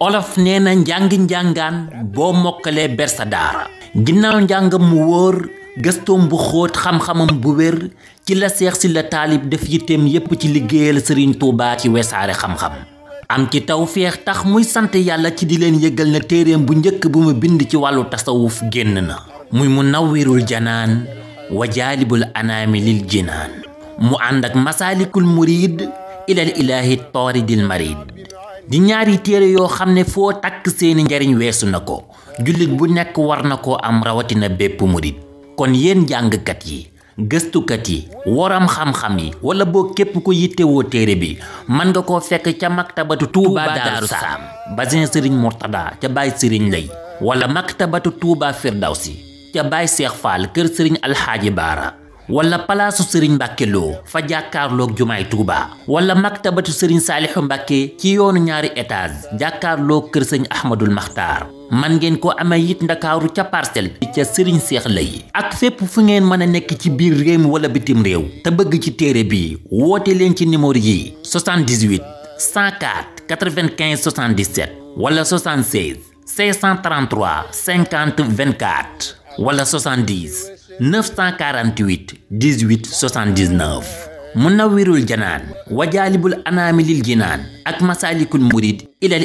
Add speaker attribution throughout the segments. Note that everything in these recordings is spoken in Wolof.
Speaker 1: olof nee na njàng njàngaan boo mokkalee ber sa daara ginnaaw njàngam mu wóor gëstoom bu xóot xam-xamam bu wér ci la seex si la taalib def yitteem yépp ci liggéeyal sëriñ Tuubaa ci wesaare xam-xam am ci tawféex tax muy sant yàlla ci di leen yëgal na téereem bu njëkk bu mu bind ci wàllu tasawuf génn na muy mu nawwirul janaan wa jaalibul anaami lil jinaan mu ànd ak masaalikul muriid ilal ilaahi tooridil marid di ñaari téere yoo xam ne foo takk seeni njariñ weesu na ko jullit bu nekk war na koo am rawatina bépp murit kon yéen jàngkat yi gëstukat yi waram xam-xam yi wala boo képp ko yittewoo téere bi mën nga koo fekk ca maktabatu Touba Daaru Saam basin sëriñ Murtada ca Baay sëriñ Lay wala maktabatu Touba Firdawsi ca Baay Seex Faal kër sëriñ Alxaaji Baara wala palaasu sëriñ mbàkke fa jàkkaarlook jumaay tuuba wala maktabatu sëriñ saalixu mbàkke ci yoonu ñaari étage jàkkaarloog kër sëñ ahmadul maxtaar man ngeen ko amee it ndakaaru ca parcelle bi ca sëriñ seex lay ak fépp fu ngeen mën a nekk ci biir réew mi wala bitim réew te bëgg ci téere bi woote leen ci numéro yi 78 104 95 77 wala 76 533 50 24 wala 70 948 18 79 منور الجنان وجالب الأنام jinan ak Masaalikul Murid ilal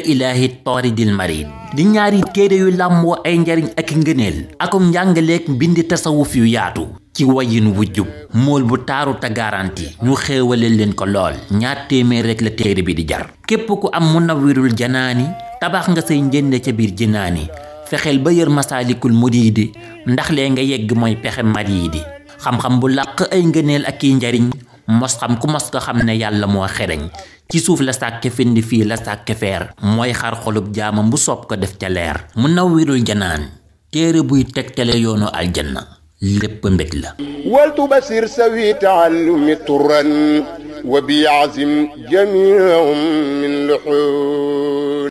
Speaker 1: tori dil marid di ñaari téere yu làmboo ay njariñ ak ngëneel akum njàngaleek mbindi tasawuf yu yaatu ci wayin wu jub mool bu taaru te garanti ñu xéewale leen ko lool ñaar téeméer rek la téere di jar képp ku am Munawwirul Janaani tabax nga say njënde ca biir jinaani fexel ba yeur masaalikul mudidi ndax le nga yegg moy pexe maridi xam-xam bu làq ay ngeenel ak injariñ mos xam ku mos ko xam ne yàlla mo xereñ ci souf la sàkke findi fi la sàkke fer moy xar xolub jaama bu sop ko def ca leer mu nawirul janan tere buy tek tele yono aljanna lépp mbet la waltu basir sawi ta'allum turan wa bi yaazim jamiihum min luxuun